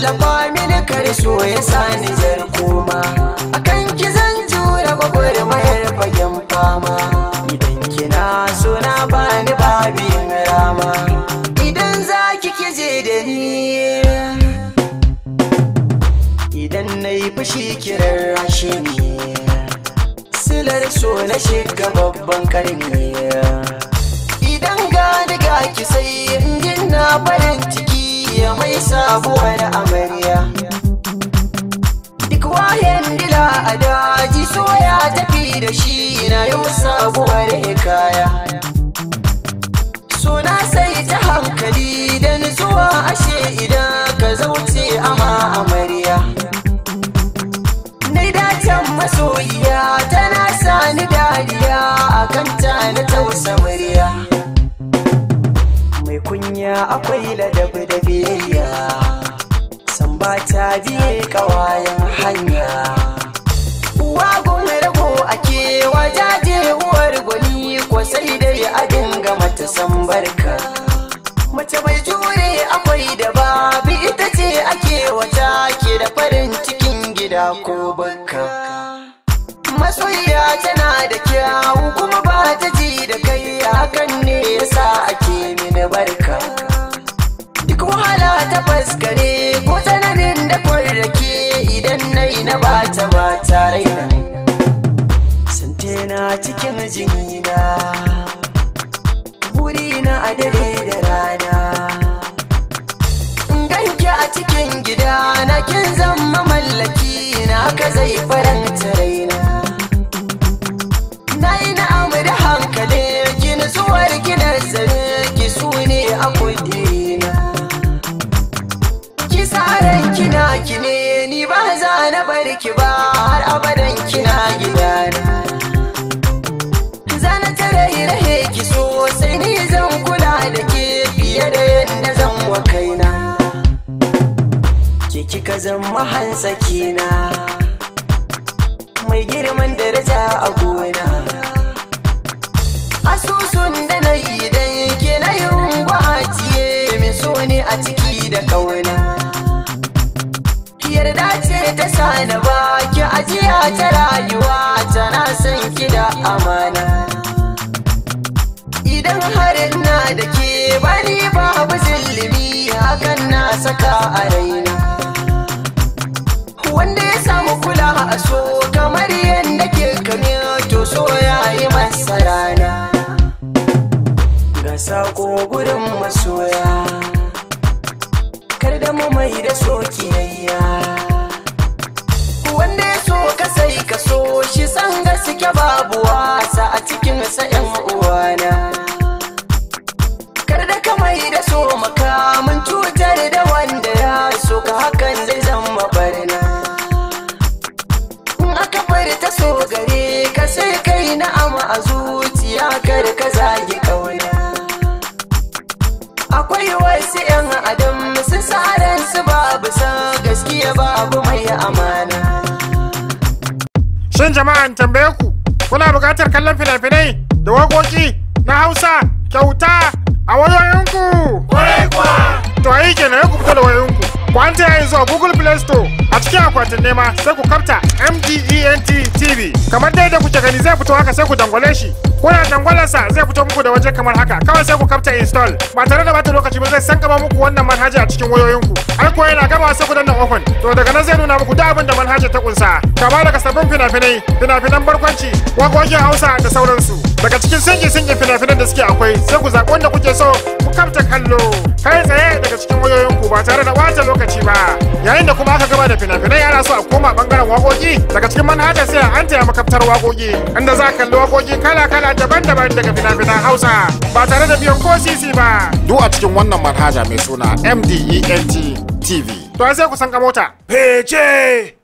dafa mini kar so ya sani zarkoma akan ki zan jura gwagwarmayar fagen fama idan kina suna bani babin rama idan za ki kije da ni idan na yi fushi kiran rashi silar so na shiga babban karni idan ga ki sai in na farin ciki sabuwar amarya duk wayan dila a daji so ya tafi da shi na yau sabuwar hikaya suna sai ta hankali don zuwa ashe idan ka zauce ama amarya nai dacen masoyiya tana sani dariya a kanta na tausa murya mai kunya akwai ladabi da biyayya biye kawayen hanya uwa gomar ko a kewa jaje uwar gwani ko sai dai a dinga mata san barka mace mai jure akwai da babu ita ce ake wata ke da farin cikin gida ko baka masoyiya tana da kyawu kuma tare da ni sante na cikin jinina wuri na a dare da rana ganke a cikin gida na kin zama mallaki na ka zai faranta raina na yi na'amu da hankali gini zuwar gidan zare ki su ne a kudina ki sa ran kina kine na bari ki ba har abadan kina gidana zana ta rahe ki so sai ni zan kula da ke fiye da yadda zan wa kaina ke kika zama na, mai girman daraja a gona asusun da na yi da wata rayuwa tana son da amana idan harin na da ke bari babu zillibi hakan na saka a raina wanda ya samu kula a so kamar yadda ke kame to so ya yi masa rana ga sako gudun masoya kar da mu mai da so kiyayya ka so shi san gaske babu wasa a cikin sa yan uwana kar da ka mai da so makamin cutar da wanda ya so ka hakan zai zama barna in aka bari ta so gare ka sai kai na'ama a zuciya kar ka zagi kauna akwai wasu yan adam sun sa su babu san gaskiya babu mai amana jama'a in tambaye ku kuna buƙatar kallon fina-finai da waƙoƙi na Hausa kyauta a wayoyinku. Kwarai kuwa! To yi kenan ya ku fito da wayoyinku. Ku an yanzu a Google Play Store a cikin akwatin nema sai ku kafta MDENT TV. Kamar dai da kuke gani zai fito haka sai ku dangwale shi. Kuna dangwalarsa zai fito muku da waje kamar haka kawai sai ku kafta install ba tare da bata lokaci ba zai san gaba muku wannan manhaja a cikin wayoyinku. Har kuwa yana gama sai ku danna open to daga nan zai nuna muku duk abin da manhaja ta kunsa. Kama daga sabbin fina-finai, fina-finan barkwanci, waƙoƙin Hausa da sauransu. daga cikin sange-sange fina-finan da suke akwai sai ku zaɓi wanda kuke so ku kamta kallo kai tsaye daga cikin wayoyin ku ba tare da wata lokaci ba yayin da kuma aka gaba da fina-finai ana so a koma bangaren wakoki daga cikin manhajar sai an taya makaftar wakoki inda za a kalli wakoki kala-kala daban-daban daga fina-finan hausa ba tare da biyan ko sisi ba duk a cikin wannan manhaja mai suna mdent tv to sai ku san ka mota fece